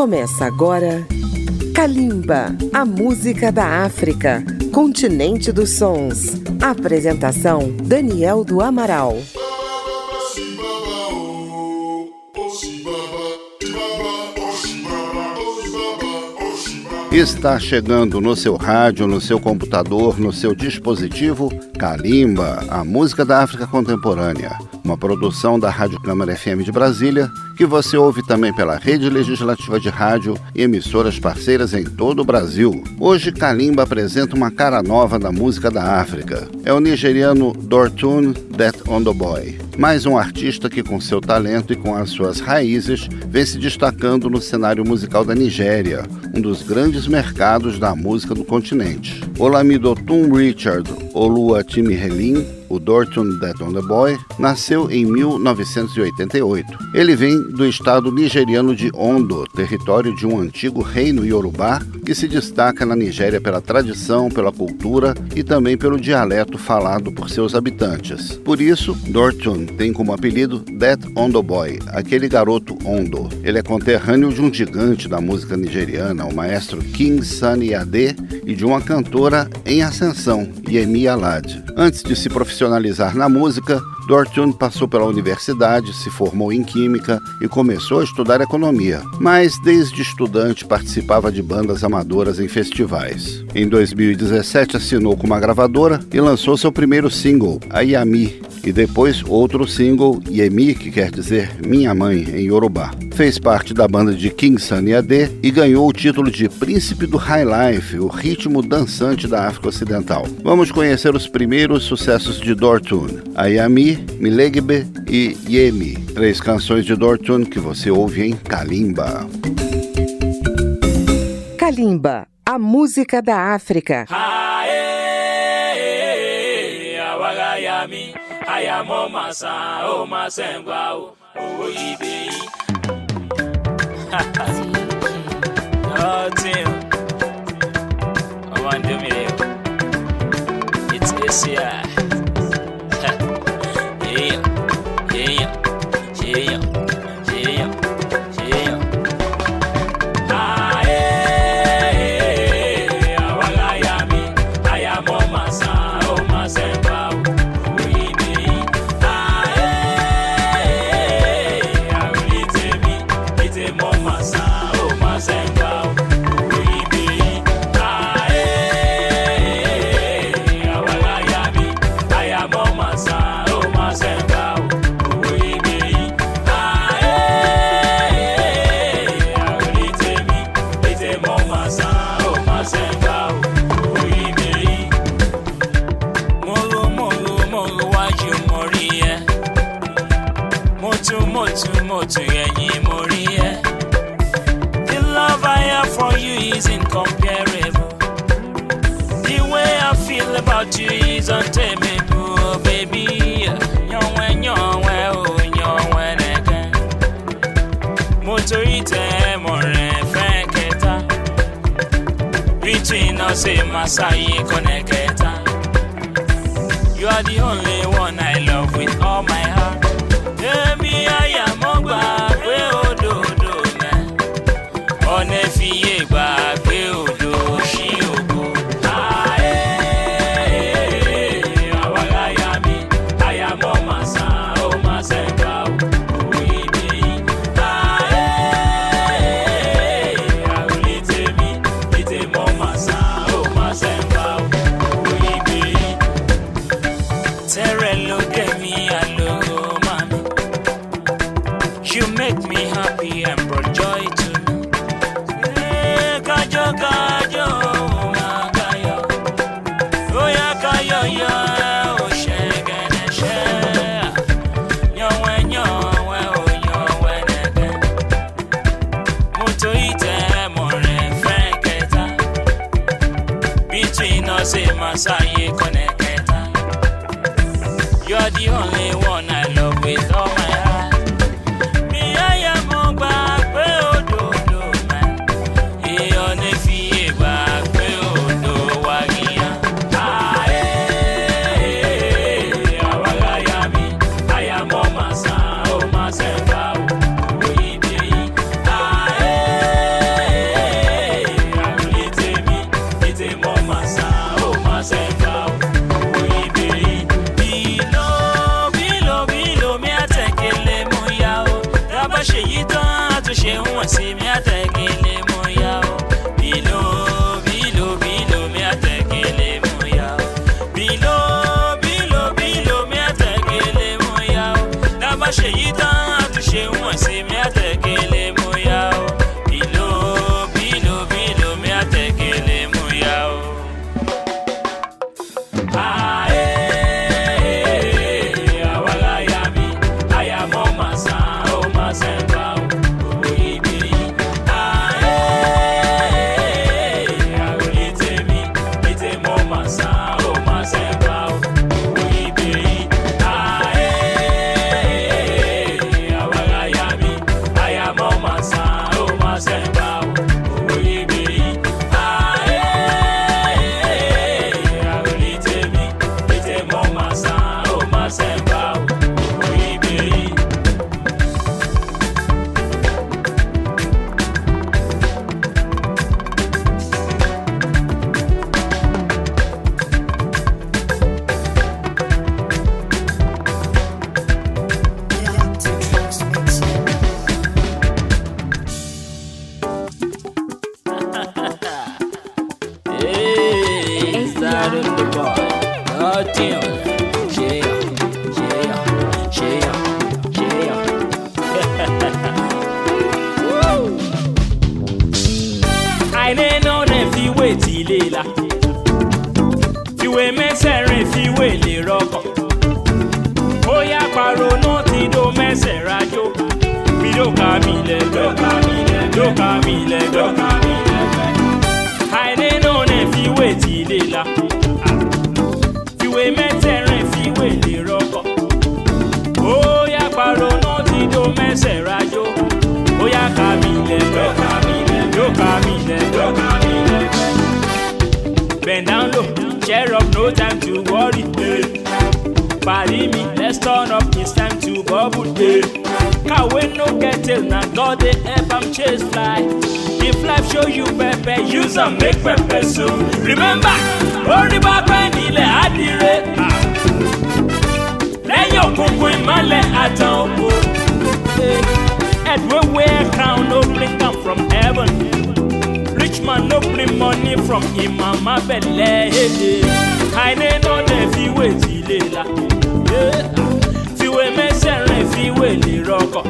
Começa agora Kalimba, a música da África, continente dos sons. Apresentação Daniel do Amaral. Está chegando no seu rádio, no seu computador, no seu dispositivo, Kalimba, a música da África contemporânea uma produção da Rádio Câmara FM de Brasília, que você ouve também pela Rede Legislativa de Rádio e emissoras parceiras em todo o Brasil. Hoje, Kalimba apresenta uma cara nova da música da África. É o nigeriano Dortun That Ondo Boy, mais um artista que, com seu talento e com as suas raízes, vem se destacando no cenário musical da Nigéria, um dos grandes mercados da música do continente. Olamido Tum Richard Olua Helin o Dorton Ondo Boy, nasceu em 1988. Ele vem do estado nigeriano de Ondo, território de um antigo reino iorubá que se destaca na Nigéria pela tradição, pela cultura e também pelo dialeto falado por seus habitantes. Por isso, Dorton tem como apelido That Ondo Boy, aquele garoto Ondo. Ele é conterrâneo de um gigante da música nigeriana, o maestro King Sunny Ade, e de uma cantora em ascensão, Yemi Alade. Antes de se profissionalizar, profissionalizar na música, Dortune passou pela universidade, se formou em química e começou a estudar economia, mas desde estudante participava de bandas amadoras em festivais. Em 2017 assinou com uma gravadora e lançou seu primeiro single, A Yami, e depois outro single, Yemi, que quer dizer Minha Mãe, em Yorubá. Fez parte da banda de King Sunny AD e ganhou o título de Príncipe do High Life, o ritmo dançante da África Ocidental. Vamos conhecer os primeiros sucessos de de Dortun, Ayami, Milegbe e Yemi. Três canções de Dortun que você ouve em Kalimba. Kalimba, a música da África. It's Masai Koneketa. You are the only one. j'ai un si bien fẹsẹ̀ rajó bí dóka mi lẹ́gbẹ́ dóka mi lẹ́gbẹ́ àìní náà nẹ fi wé tí ilé la fiwé mẹ́tẹ̀ẹ̀rin fiwé lè rọ́kọ̀ ó yá parọ́ náà ti dó mẹ́sẹ̀ rajó ó yá ká mi lẹ́gbẹ́ dóka mi lẹ́gbẹ́ bend down low share up no day. Cow wey no get tail na God dey help am chase fly. If life show you pepper, use a make pepper soup. Remember, back orí bàbá nílẹ̀ àdìrẹ́. Lẹ́yìn òkùnkùn ìmọ̀lẹ̀ àtàn òkú. Head wey wear crown no bring am from heaven. Rich man no bring money from him mama belle. Àìní náà dẹ̀ fi wé ti lè la. Yeah. tí wèlé rọkọ̀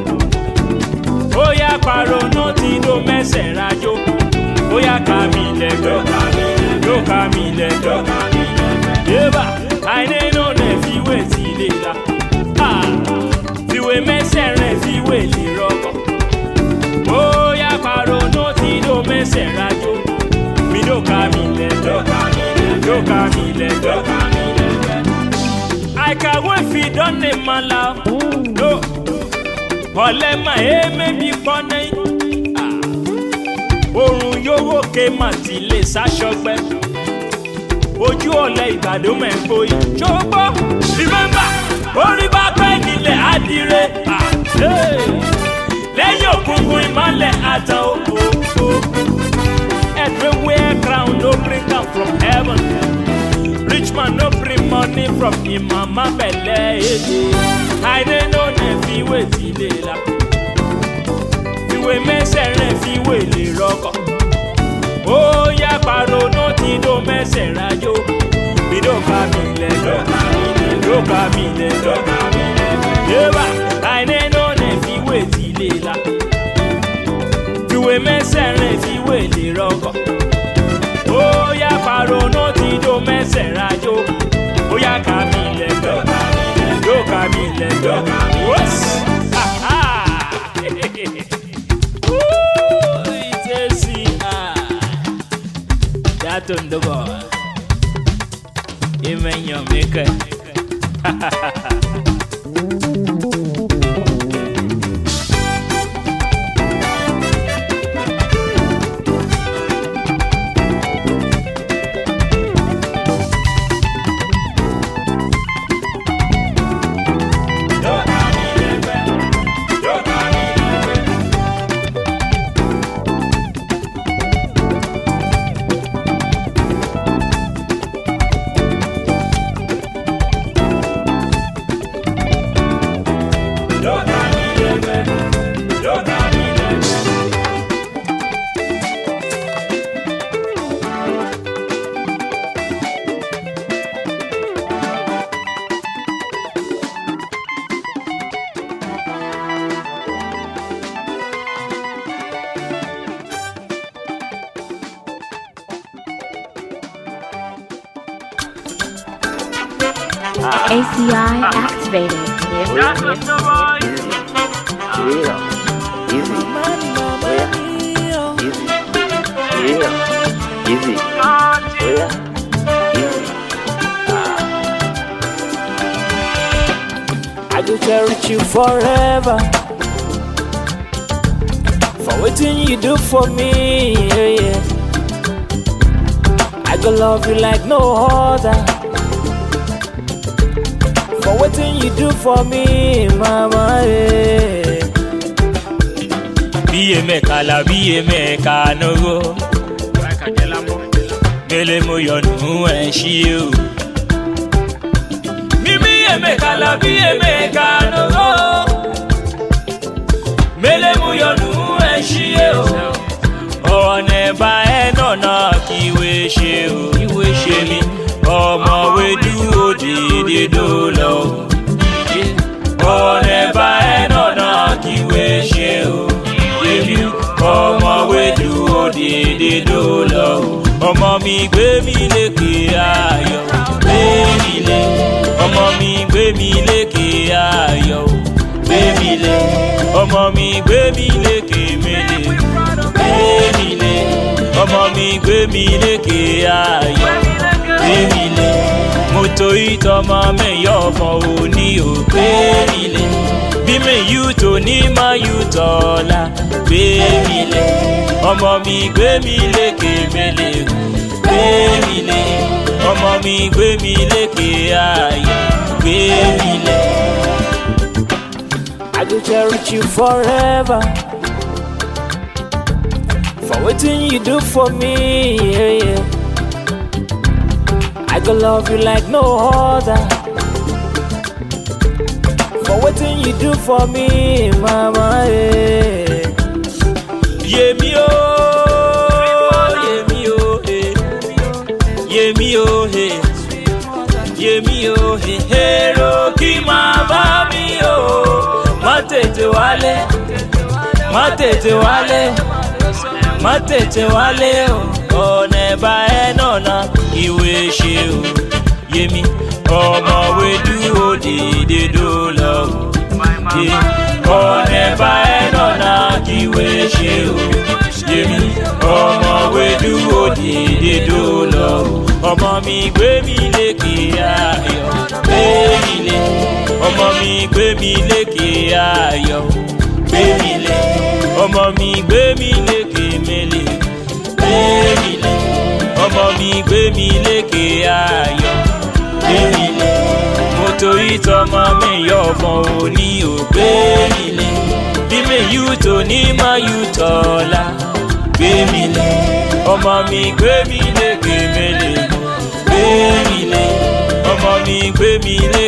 ó yá paronú tí ló mẹ́sẹ̀ rájò ó yá kàmí lẹ́gbẹ̀ẹ́ yóò kàmí lẹ́gbẹ̀ẹ́ yébà àìnínú rẹ̀ fi wé tí lè la fiwé mẹ́sẹ̀ rẹ̀ fi wèlé rọkọ̀ ó yá paronú tí ló mẹ́sẹ̀ rájò mi ló kàmí lẹ́gbẹ̀ẹ́ yóò kàmí lẹ́gbẹ̀ẹ́. I can't wait for you, don't name my love. Ooh do ọlẹ́mà èémẹ́bí pọ́nẹ́ òrùn yówó ke mà ti lè sáṣọgbẹ́ ojú ọ̀lẹ́ ìgbàdo mẹ́gbó yìí ṣọ́gbọ́ rìmẹ́mbà orí bá pẹ́ nílẹ̀ ádìrẹ́ lẹ́yìn òkùnkùn ìmọ̀lẹ̀ àtàn òkòkò everywhere crown no bring am from heaven money from im mama belle ede aide no dey fiwe ti le la fiwe mẹsẹrin fiwe le rọkọ ó yá paronú ti do mẹsẹ rajo ìdókà mi lẹ dókà mi lẹ dókà mi lẹ dókà mi lẹ yéwà aide no dey fiwe ti le la fiwe mẹsẹrin fiwe le rọkọ ó ya paronú ti do mẹsẹ rajo. ya ka mi ha ha. ka mi lẹ́tọ̀ wọ́sì. Don't do go. Even your maker. API activated. Easy. I will cherish you forever for what you do for me. Yeah, yeah. I will love you like no other. for wetin you do for me mama eh. bí emeka la bí emeka nogo gbélé mo yọnu ẹ ṣí o. mímí emeka la bí emeka nogo. ọmọ mi gbé mi lékè ayọ̀ gbé mi lé ọmọ mi gbé mi lékè ayọ̀ gbé mi lé ọmọ mi gbé mi lékè mele gbé mi lé ọmọ mi gbé mi lékè ayọ̀ gbé mi lé mo torí tọmọ mẹyọ ọmọ òní ò gbé mi lé bí mi yú tó ní má yú tọ́lá gbé mi lé ọmọ mi gbé mi lékè mele gbé. ọmọ mi I go cherish you forever for wetin you do for me. Yeah, yeah. I go love you like no other for wetin you do for me, mama. Yeah. Yemi yeah, o. Oh. o èrò kí máa bá mi o má tètè wálé má tètè wálé má tètè wálé o ọ̀nà ẹ̀bá ẹ̀ náà na ìwé ṣe o yémi ọmọwé dúró dìde dòlọ o ọ̀nà ẹ̀bá ẹ̀ náà na ìwé ṣe o. Yèmí ọmọwé dúró dìde dòlọ ọmọ mi gbé mi lékè ayọ̀ gbé mi lé ọmọ mi gbé mi lékè ayọ̀ gbé mi lé ọmọ mi gbé mi lékè mélé gbé mi lé ọmọ mi gbé mi lékè ayọ̀ gbé mi lé mo torí tọmọ mi yọ ọmọ òní ò gbé mi lé bí mi yú tó ní má yú tọ́lá gbé mi lé ọmọ mi gbé mi lé gbé mi ọmọ mi gbé mi lé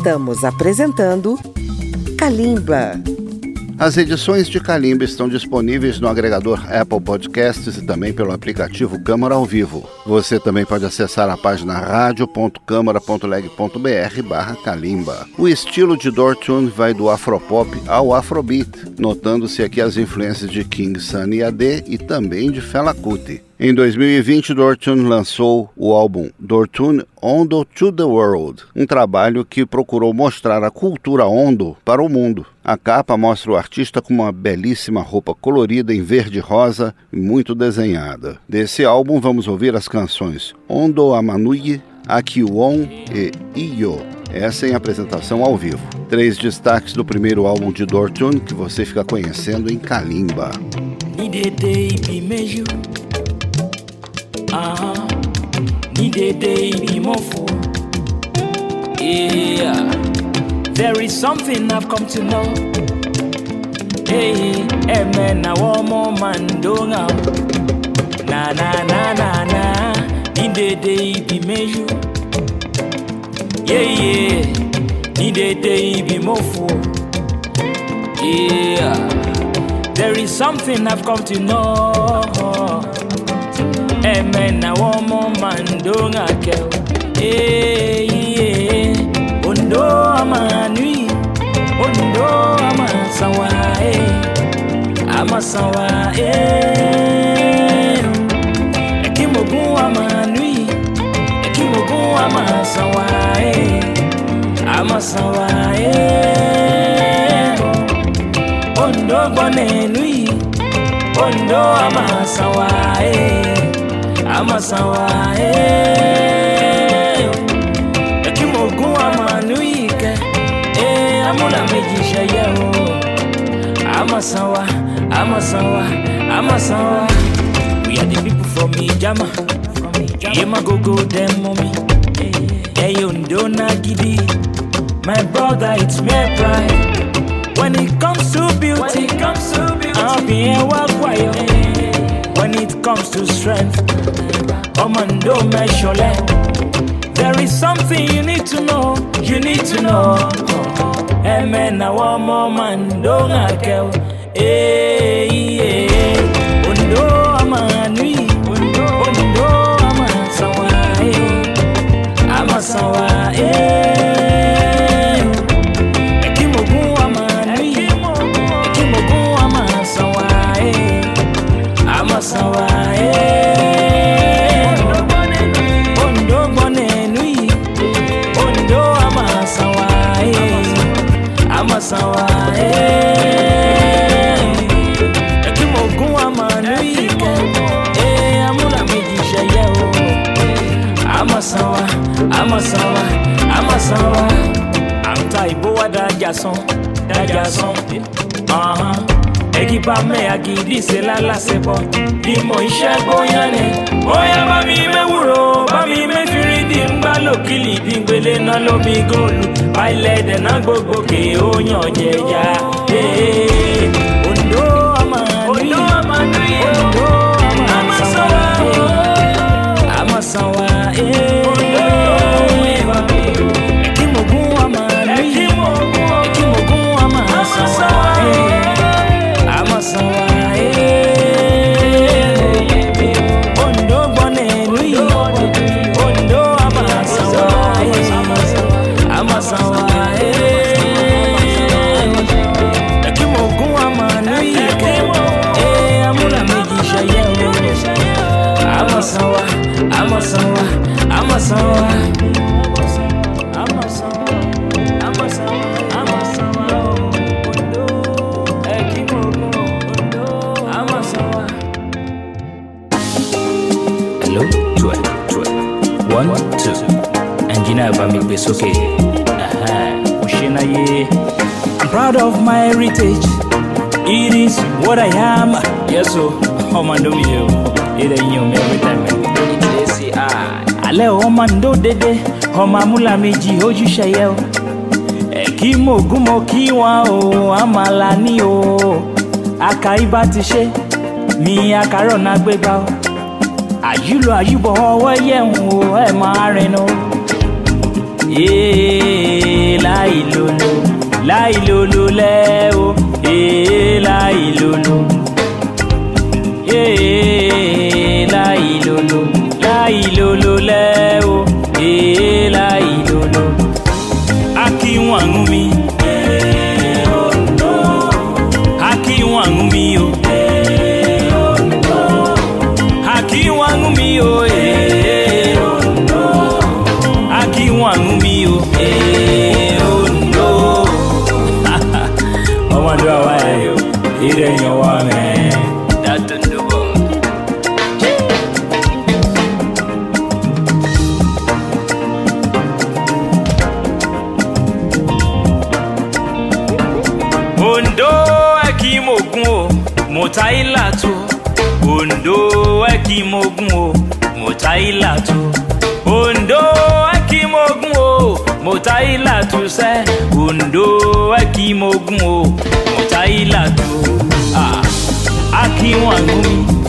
Estamos apresentando Kalimba. As edições de Kalimba estão disponíveis no agregador Apple Podcasts e também pelo aplicativo Câmara ao Vivo. Você também pode acessar a página radio.câmara.leg.br barra Kalimba. O estilo de Dortune vai do afropop ao afrobeat, notando-se aqui as influências de King Sunny AD e também de Fela Kuti. Em 2020, Dortune lançou o álbum Dortune Ondo to the World, um trabalho que procurou mostrar a cultura Ondo para o mundo. A capa mostra o artista com uma belíssima roupa colorida em verde rosa e muito desenhada. Desse álbum vamos ouvir as canções Ondo Amanui, Akiwon e Iyo. Essa é em apresentação ao vivo. Três destaques do primeiro álbum de Dortune que você fica conhecendo em Kalimba. Ah, ni de de Dídédé mofo, Yeah. There is something I've come to know. Hey, ẹ̀mẹ̀ na wọ́n mandonga, na na na Na na Ni de de dídédé meju, Yeah, yeah, Ni de de dídédé mofo, Yeah. There is something I've come to know. na womo mandonga kew eh ye ondo ama nui ondo ama sawa e eh. ama sawa e eh. ekimogu ama nui ekimogu ama sawa e eh. ama sawa e ondo gbone nui ondo ama sawa e amasanwa ekimogun amanu ike amúnàméjì ṣẹyẹ o amasanwa amasanwa amasanwa we are the people from ijama yemagogo dem mummy eyondo nagidi my brother it's my pride when it comes to beauty, comes to beauty. i'll be a wa Hey comes to strength. Omando Meshole. There is something you need to know, you need to know. Emena wa one more man, don't akel. Hey, eh, yeah. Undo Amanui. Undo ṣe lálàsẹ̀pọ̀ ìmọ̀ iṣẹ́ gbóyán ni. bóyá bá mi mẹ́wúrò bá mi mẹ́fìrí dì ń bá lòkìlì bí gbélé náà lómi góòlù báyìí lẹ́dẹ̀ náà gbogbo kè é ó yàn jẹ̀yà. one two engineer bá mi gbé sókè mo ṣe náyé. I'm proud of my heritage it is what I am. yes o ọmọ ndo mi o ilẹ̀ yín o mi every time. ìdílé sí i. alẹ́ ọmọ ndo dédé ọmọ amúlá méjì ojúṣe yẹ o kí mògùn mo kí wọn o àmàlà ní o àkàìbá ti ṣe mi àkàrọ̀ náà gbégbá o àyùlọ àyùbọ̀ ọwọ́ yẹ̀wò ẹ̀ máa rinú. láìlolo láìlolo lẹ́wọ̀ láìlolo láìlolo láìlolo lẹ́wọ̀ láìlolo. akínwó àrùn mi. èèyàn wà ní. Ondo ẹ̀kí mogun o mọ̀táìlà tó Ondo ẹ̀kí mogun o mọ̀táìlà tó Ondo ẹ̀kí o mọ̀táìlà tó sẹ́ Ondo ẹ̀kí o mọ̀táìlà tó. aqui uma nuvem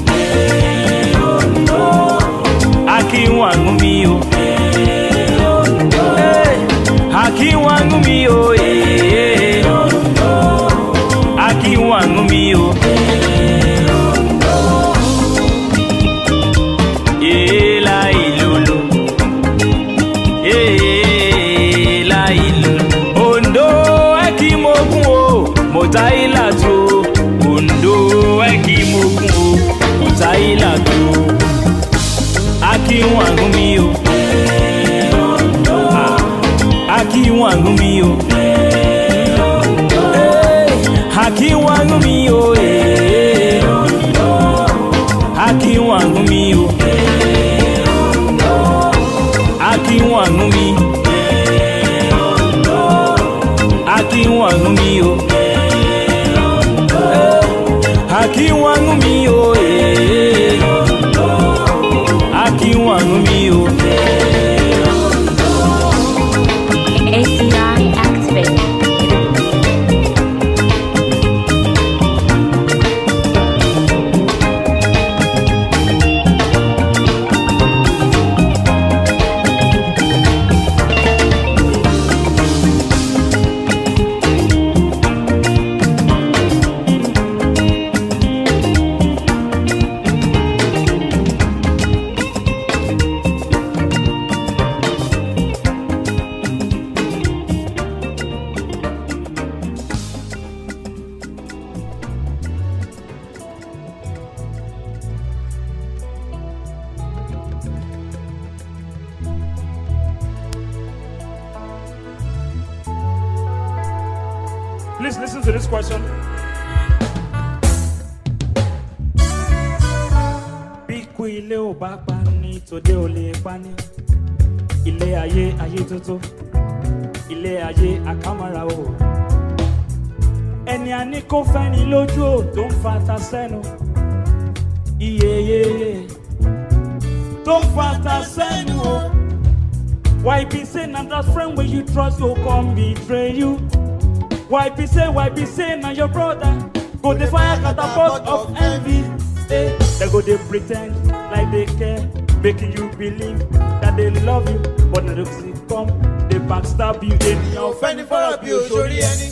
Please listen to this question. Bí ikú ilé ò bá pa ni tòde ò lè pa ni. Ilé ayé ayé tótó. Ilé ayé àkàmọ́ra o. Ẹni àní kò fẹ́ ni lójú ò tó ń fata sẹ́nu. Iye tó ń fata sẹ́nu o. Why be say na that friend wey you trust go come betray you. Why be say, why be say, now your brother go the fire catapult of envy. Hey, they go they pretend like they care, making you believe that they love you, but now they come, they backstab you. They no friend for a bill, surely any.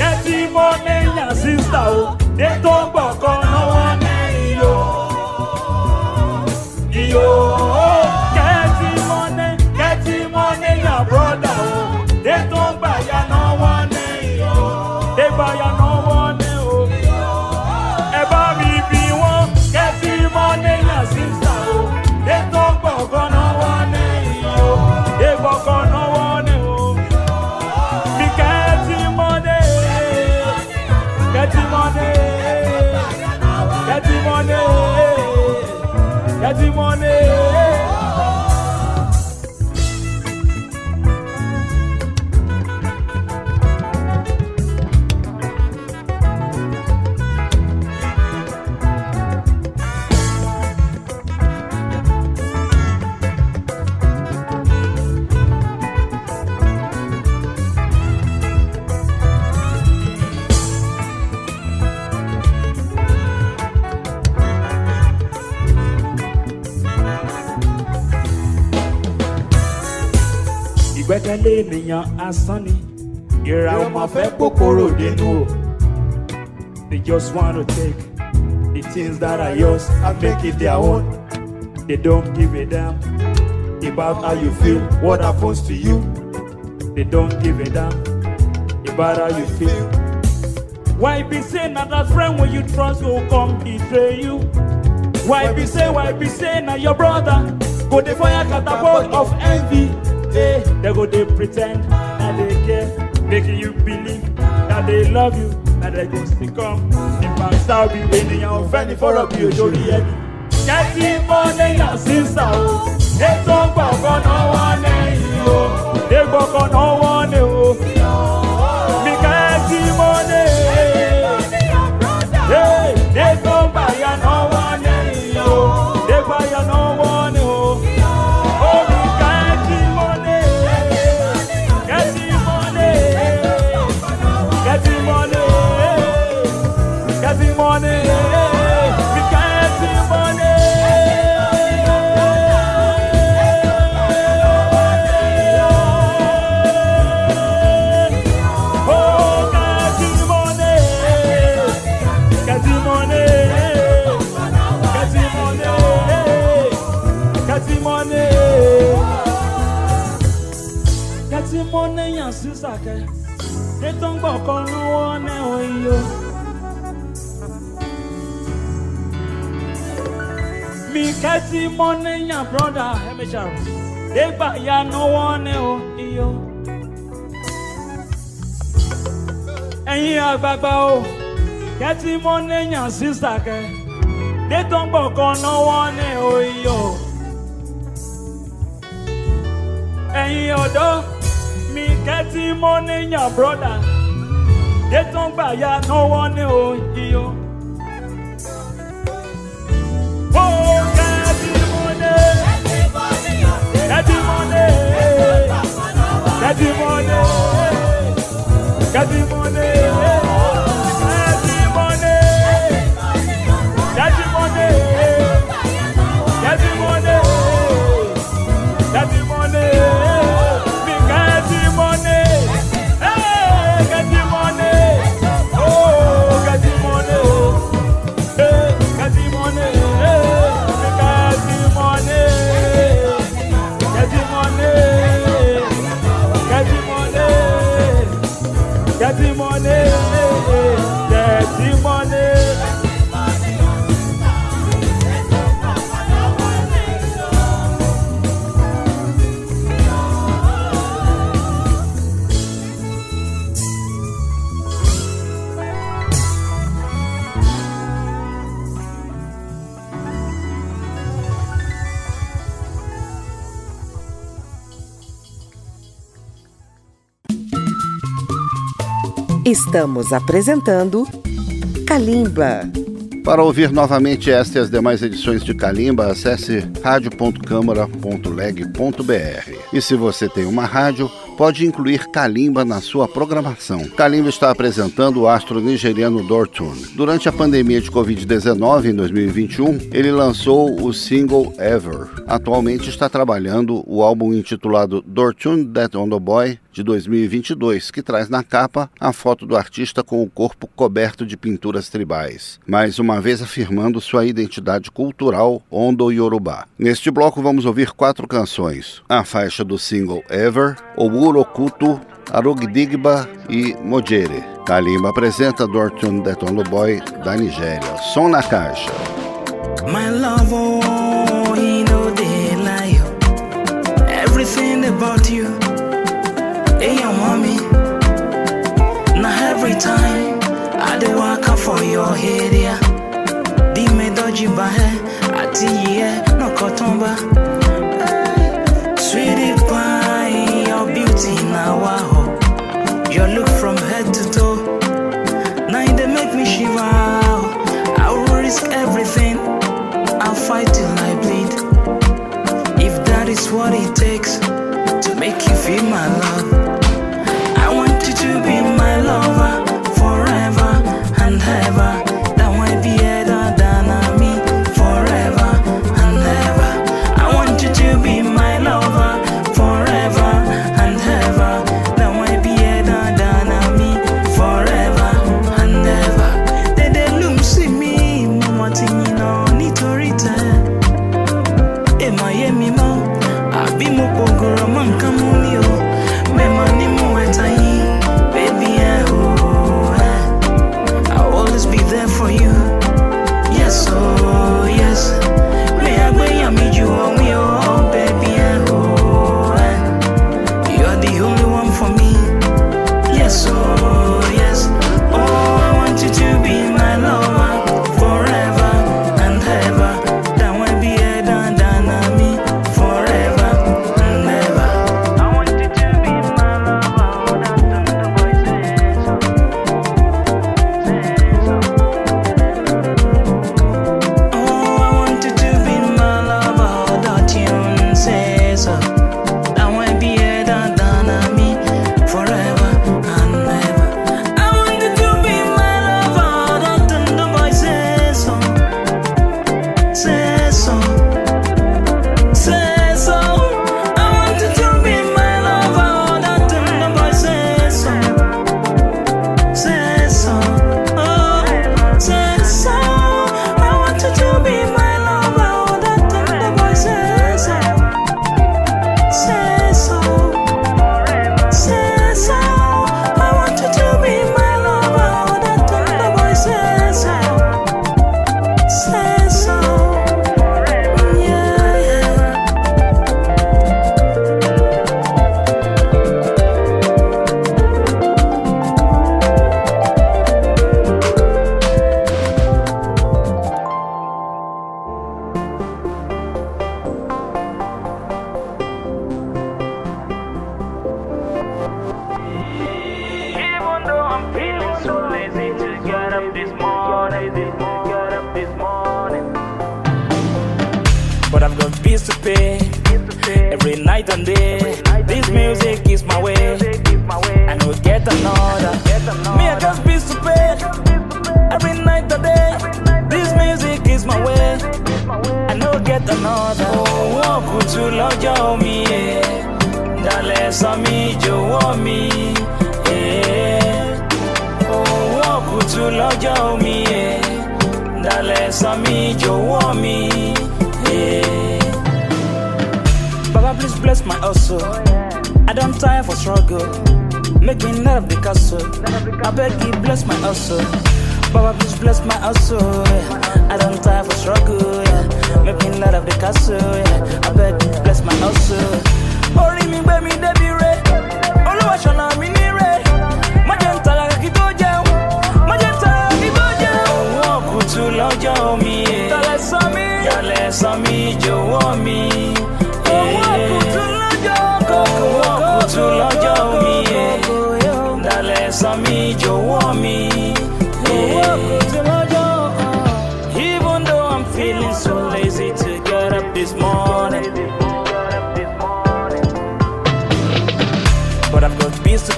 Every morning, your sister, oh, they don't back on no one, eh, yo, yo. lé ènìyàn asán ni ìràwọ̀ máa fẹ́ kòkòrò nínú o. They just wanna take the things that are yours and make it their own. They don't give a damn about how you feel, what happens to you. They don't give a damn about how you feel. Why be saying that that friend when you trust will come betray you? Why be say, why be saying that your brother go the fire catapult of envy? day, they go they pretend that they care, making you believe that they love you, that they go stick up. In fact, I'll be waiting on Fanny for a beautiful year. Getting money now since I was. They talk about no one, oh. they go on no one, mone yan susake de ton gboko nuwo ne oyo mi kati mone yan brother hemechar de gba ya nuwo ne oyo ẹ̀yin àgbààgbà o kẹ́tí mọ́nẹ́ yan sísàkẹ́ dé tó ń gbọ̀ kan náwó ní oyo ẹ̀yin ọ̀dọ́ testimony yan broda de tó ń gbà ya náwó ní òyìnbó. ó testimony testimony testimony testimony. Estamos apresentando Kalimba. Para ouvir novamente esta e as demais edições de Kalimba, acesse rádio.câmara.leg.br. E se você tem uma rádio, pode incluir Kalimba na sua programação. Kalimba está apresentando o astro nigeriano Dortun. Durante a pandemia de Covid-19 em 2021, ele lançou o single Ever. Atualmente está trabalhando o álbum intitulado Dortun That On The Boy, de 2022, que traz na capa a foto do artista com o corpo coberto de pinturas tribais, mais uma vez afirmando sua identidade cultural ondo yorubá. Neste bloco vamos ouvir quatro canções: a faixa do single Ever, Oguro Kuto, Arugdigba e Mojere. Kalimba apresenta Dortun Deton Boy da Nigéria. Som na caixa. Oh, du bas, attiré, nos cotons bas. Sweetie pie, your beauty now, wow. Your look from head to toe. Now they make me shiver. I will risk everything, I'll fight till I bleed. If that is what it takes to make you feel my love.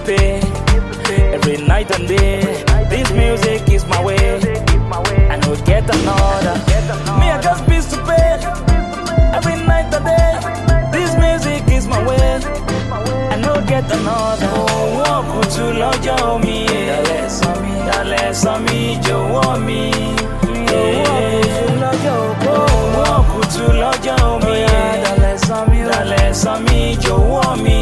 pay every night and day. This music is my way, and we'll get another. Me, I just be stupid every night and day. This music is my way, and we'll get another. oh, kùtù oh, lọ́jọ́ you, dalẹ̀ sọ mi jọ̀wọ́ mi. Owó kùtù lọ́jọ́ mi, dalẹ̀ sọ mi jọ̀wọ́ mi.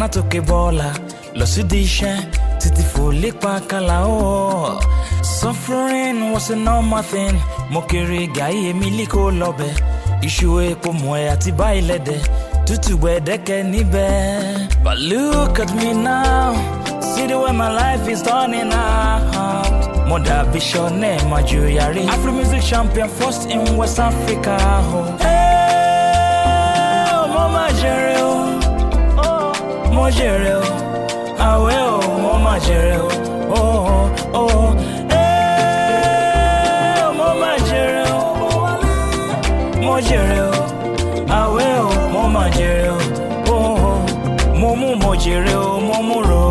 natoke bola losidishe titifulikpa kalao suffering was a normal thing mo kéré gàáyé mi lọ́bẹ iṣu epo mọ̀ àti báyìí lẹ́dẹ̀ tútù gbẹ̀dẹ́kẹ̀ níbẹ̀. but look at me now see the way my life is turning out. mo dàbí my jewelry. afro music champion first in west africa. Oh. Hey, mo máa mo jèrè o àwẹ̀ o mo máa jèrè o oh oh eh mo máa o mo jèrè o àwẹ̀ mo máa oh mo mo jèrè mo mú ro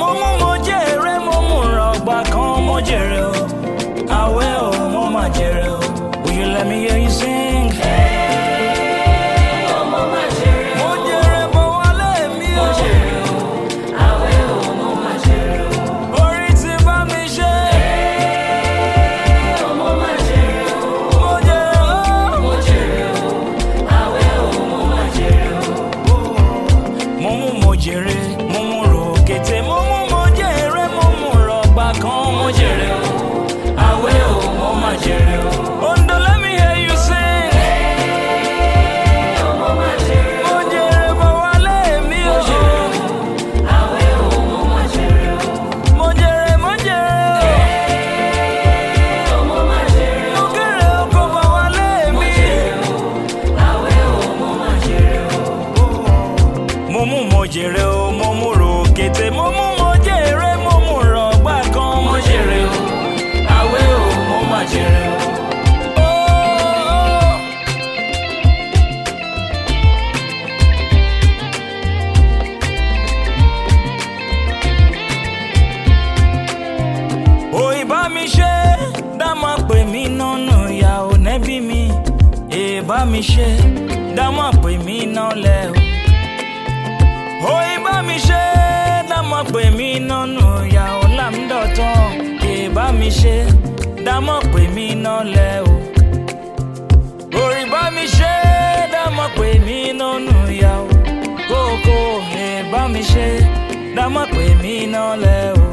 mo mo jèrè mo mú ra ọgbà kan mo jèrè o o will you let me hear you sing. bá mi ṣe dámọ̀ pè mí iná lẹ o. òye mi ṣe dámọ̀ pè mí iná nù yà ó làmúdọ̀tàn èè mi ṣe dámọ̀ pè mí iná lẹ o. òrì mi ṣe dámọ̀ pè mí iná nù yà ó kókó èè mi ṣe dámọ̀ pè mí iná lẹ o.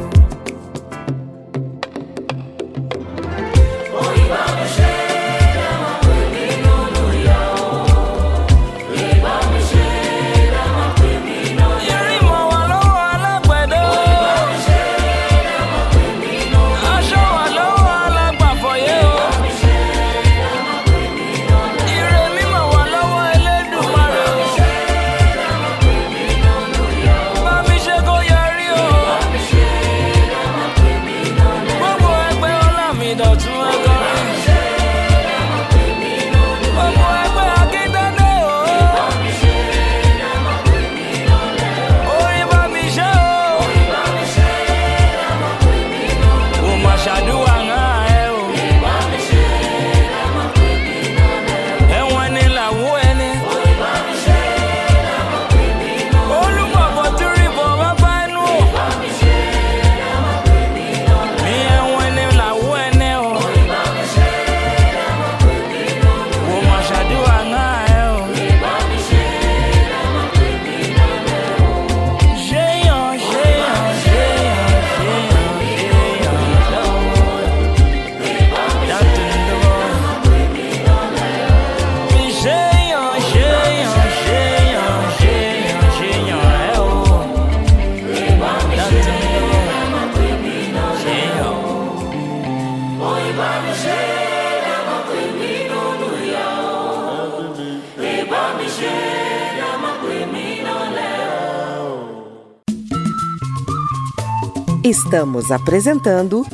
Estamos apresentando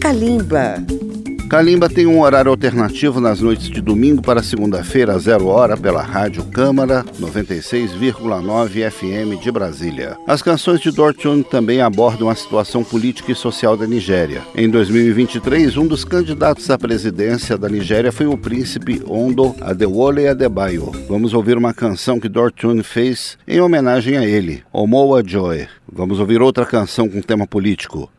Kalimba. Kalimba tem um horário alternativo nas noites de domingo para segunda-feira, às zero hora, pela Rádio Câmara 96,9 FM de Brasília. As canções de Dortune também abordam a situação política e social da Nigéria. Em 2023, um dos candidatos à presidência da Nigéria foi o príncipe Ondo Adewole Adebayo. Vamos ouvir uma canção que Dortune fez em homenagem a ele, Omoa Joy. Vamos ouvir outra canção com tema político,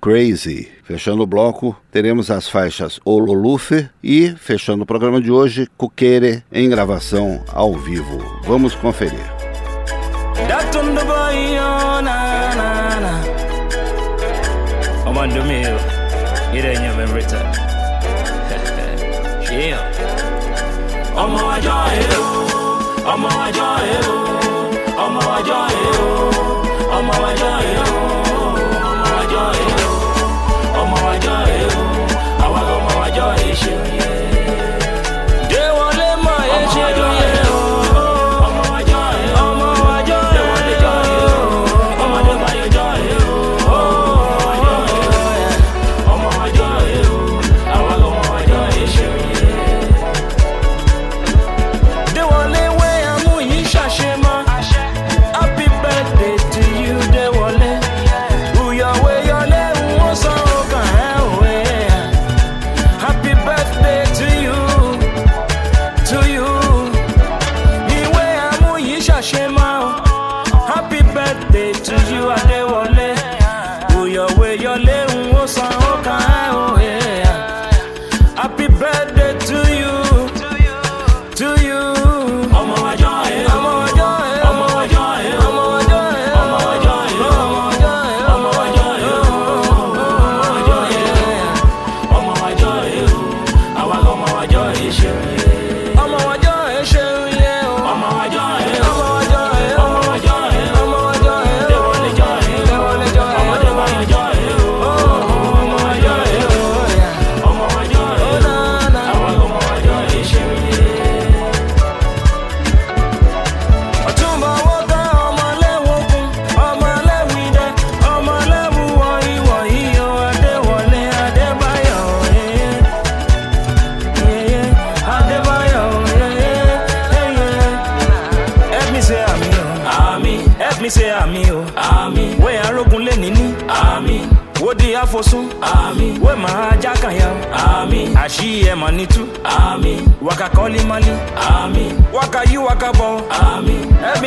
Crazy. Fechando o bloco, teremos as faixas Ololufe e, fechando o programa de hoje, Kukere em gravação ao vivo. Vamos conferir. ọmọ ajá èrò ọmọ ajá èrò ọmọ ajá èrò. I'm on my ìran.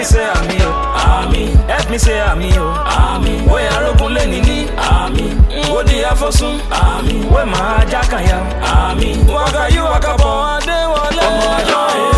me say àmì o. àmì. help me say àmì o. àmì. wẹ́ arógun you ní ní. àmì. ó di afọ́sún. àmì. wẹ́ màá jákàyà. àmì. wàkàyí wàkàbọ̀ adéwọlé. ọmọ àjọ ẹ̀.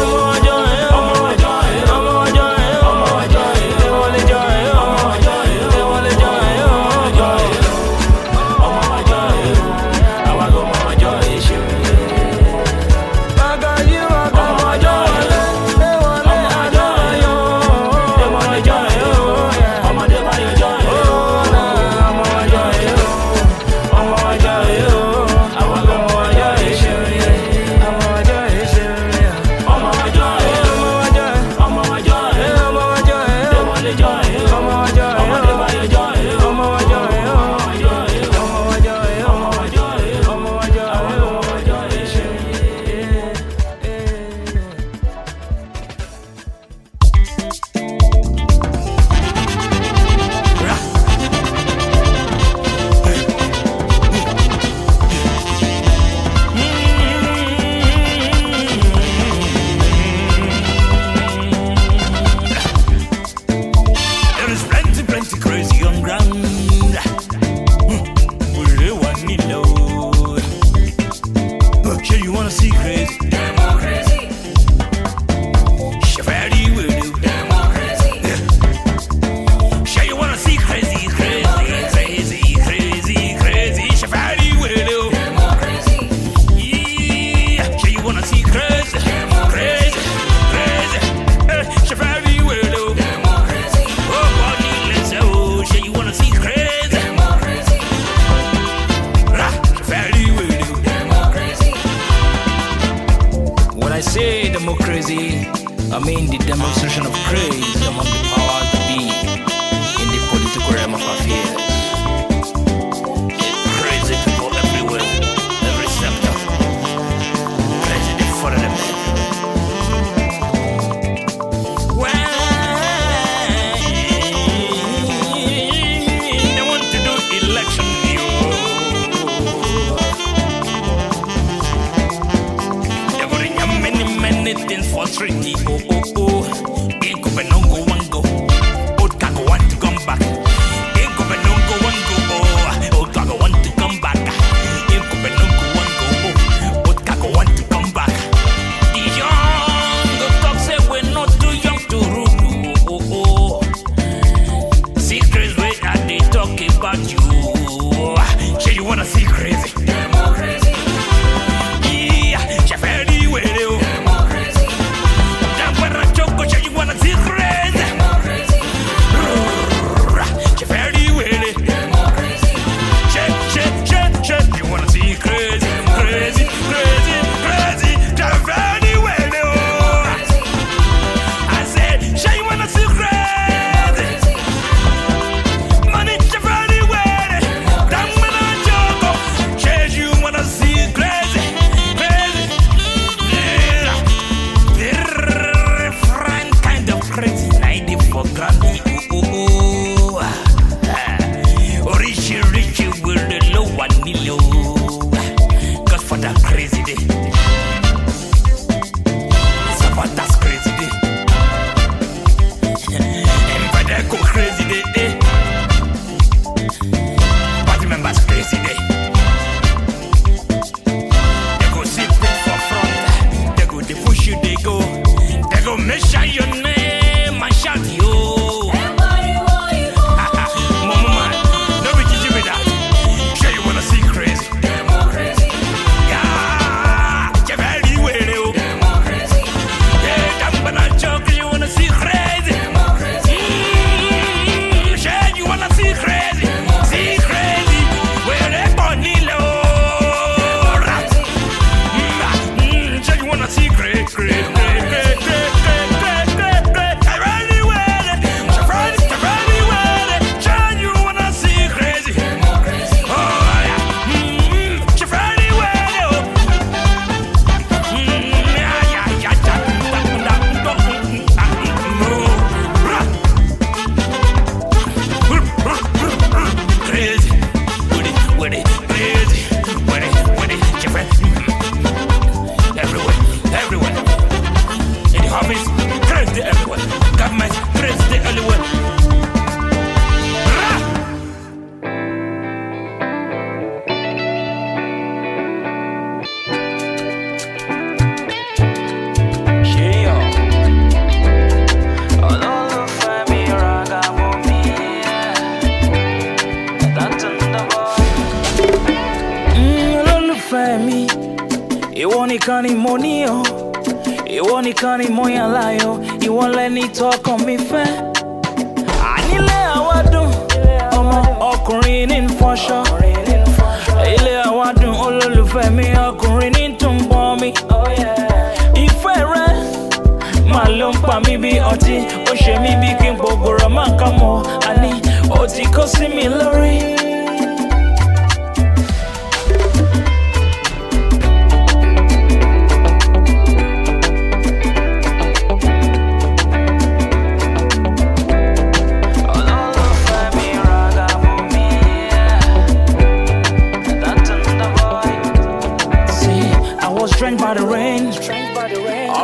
nìkan ni mo ní o iwo nìkan ni mo yàn láàyò ìwọ lẹni tọkàn mi fe. ànílé àwa dùn ọmọ ọkùnrin ní fọṣọ ilé àwa dùn olólùfẹ́ mi ọkùnrin ní túnbọ̀ mi. ìfẹ́ rẹ màá ló ń pa mi bi ọtí ó ṣe mí bí kí n gbogbo rẹ̀ máa kà mọ́ àní ó ti kó sí mi lórí.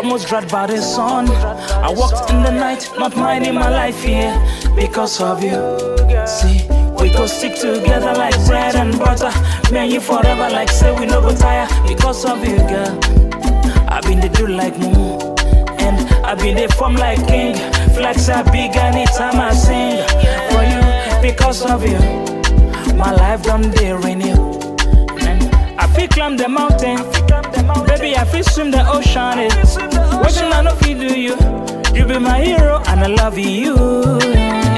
almost grabbed by the sun. I walked in the night, not minding my life here because of you. See, we go stick together like bread and butter. Me and you forever, like say we no go tire because of you, girl. I've been the dude like moon, and I've been the form like king. Flags are big anytime I sing for you because of you. My life done they renew, and I feel climb the mountain. Baby, I feel swim the ocean. It. Eh. What you know, no do you? You be my hero, and I love you.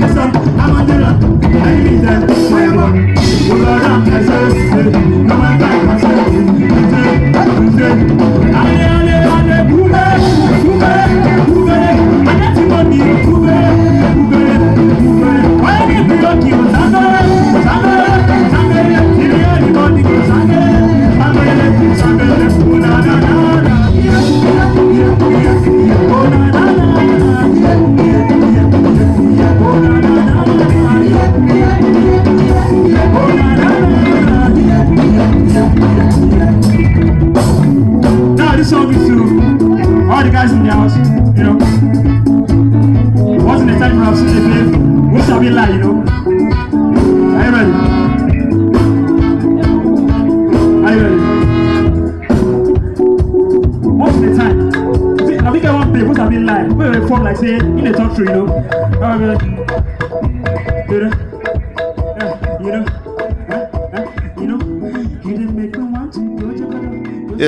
I'm on the run. I need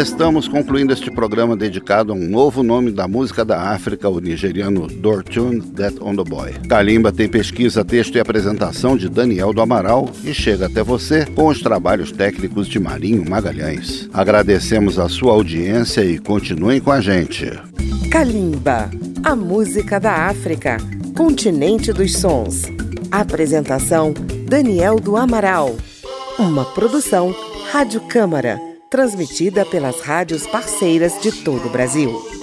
Estamos concluindo este programa dedicado a um novo nome da música da África, o nigeriano Dortune That On The Boy. Kalimba tem pesquisa, texto e apresentação de Daniel do Amaral e chega até você com os trabalhos técnicos de Marinho Magalhães. Agradecemos a sua audiência e continuem com a gente. Kalimba, a música da África, continente dos sons. Apresentação Daniel do Amaral. Uma produção Rádio Câmara transmitida pelas rádios parceiras de todo o Brasil.